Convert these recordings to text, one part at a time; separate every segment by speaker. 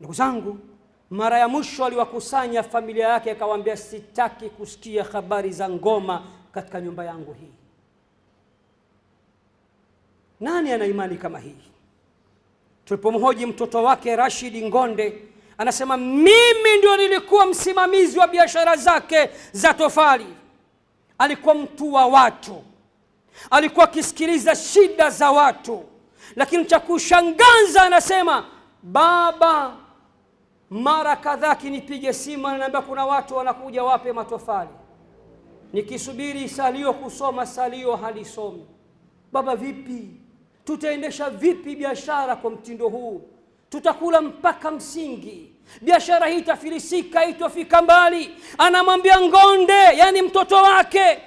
Speaker 1: Ndugu zangu, mara ya mwisho aliwakusanya familia yake akawaambia, sitaki kusikia habari za ngoma katika nyumba yangu hii. Nani ana imani kama hii? Tulipomhoji mtoto wake Rashid Ngonde anasema, mimi ndio nilikuwa msimamizi wa biashara zake za tofali. Alikuwa mtu wa watu, alikuwa akisikiliza shida za watu, lakini cha kushangaza anasema baba mara kadhaa kinipige simu, ananiambia kuna watu wanakuja wape matofali. Nikisubiri salio kusoma, salio halisomi. Baba, vipi tutaendesha vipi biashara kwa mtindo huu? Tutakula mpaka msingi, biashara hii itafilisika, itofika mbali. Anamwambia Ngonde, yani mtoto wake,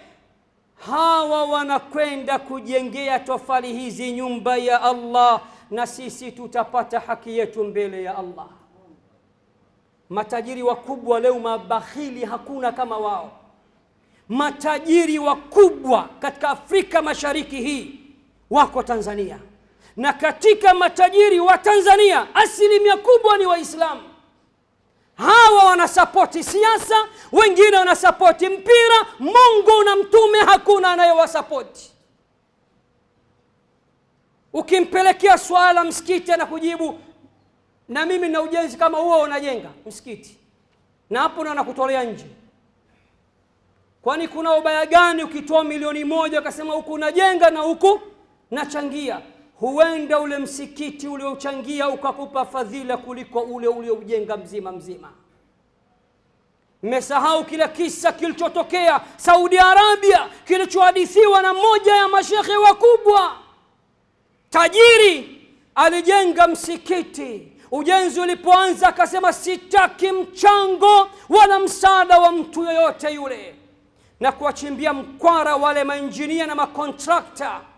Speaker 1: hawa wanakwenda kujengea tofali hizi nyumba ya Allah, na sisi tutapata haki yetu mbele ya Allah. Matajiri wakubwa leo mabakhili, hakuna kama wao. Matajiri wakubwa katika Afrika Mashariki hii wako Tanzania, na katika matajiri wa Tanzania asilimia kubwa ni Waislamu. Hawa wanasapoti siasa, wengine wanasapoti mpira, Mungu na Mtume hakuna anayewasapoti. Ukimpelekea swala msikiti, anakujibu na mimi na ujenzi kama huo unajenga msikiti na hapo na nakutolea nje. Kwani kuna ubaya gani ukitoa milioni moja ukasema huku unajenga na huku nachangia? Huenda ule msikiti uliochangia ukakupa fadhila kuliko ule ulioujenga mzima mzima. Mmesahau kile kisa kilichotokea Saudi Arabia kilichohadithiwa na mmoja ya mashehe wakubwa tajiri alijenga msikiti. Ujenzi ulipoanza akasema, sitaki mchango wala msaada wa mtu yoyote yule, na kuwachimbia mkwara wale mainjinia na makontrakta